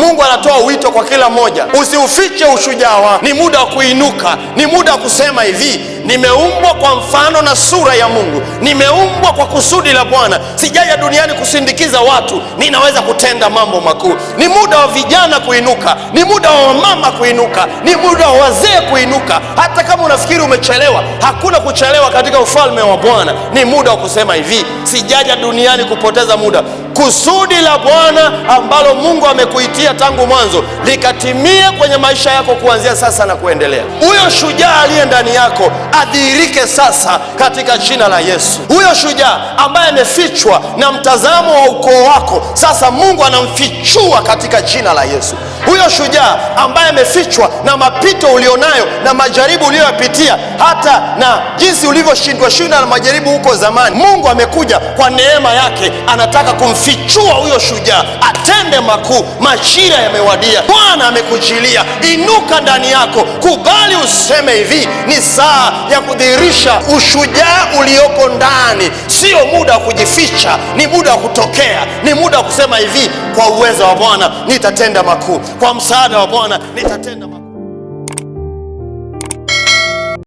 Mungu anatoa wito kwa kila mmoja, usiufiche ushujaa wako. Ni muda wa kuinuka, ni muda wa kusema hivi nimeumbwa kwa mfano na sura ya Mungu, nimeumbwa kwa kusudi la Bwana, sijaja duniani kusindikiza watu, ninaweza kutenda mambo makuu. Ni muda wa vijana kuinuka, ni muda wa mama kuinuka, ni muda wa wazee kuinuka. Hata kama unafikiri umechelewa, hakuna kuchelewa katika ufalme wa Bwana. Ni muda wa kusema hivi, sijaja duniani kupoteza muda. Kusudi la Bwana ambalo Mungu amekuitia tangu mwanzo likatimie kwenye maisha yako kuanzia sasa na kuendelea. Huyo shujaa aliye ndani yako adhihirike sasa katika jina la Yesu. Huyo shujaa ambaye amefichwa na mtazamo wa ukoo wako, sasa Mungu anamfichua katika jina la Yesu. Huyo shujaa ambaye amefichwa na mapito ulionayo na majaribu uliyoyapitia, hata na jinsi ulivyoshindwa shinda na majaribu huko zamani, Mungu amekuja kwa neema yake, anataka kumfichua huyo shujaa atende makuu. Majira yamewadia, Bwana amekujilia. Inuka ndani yako, kubali useme hivi, ni saa ya kudhihirisha ushujaa uliopo ndani. Sio muda wa kujificha, ni muda wa kutokea, ni muda wa kusema hivi kwa uwezo wa Bwana nitatenda makuu, kwa msaada wa Bwana nitatenda makuu.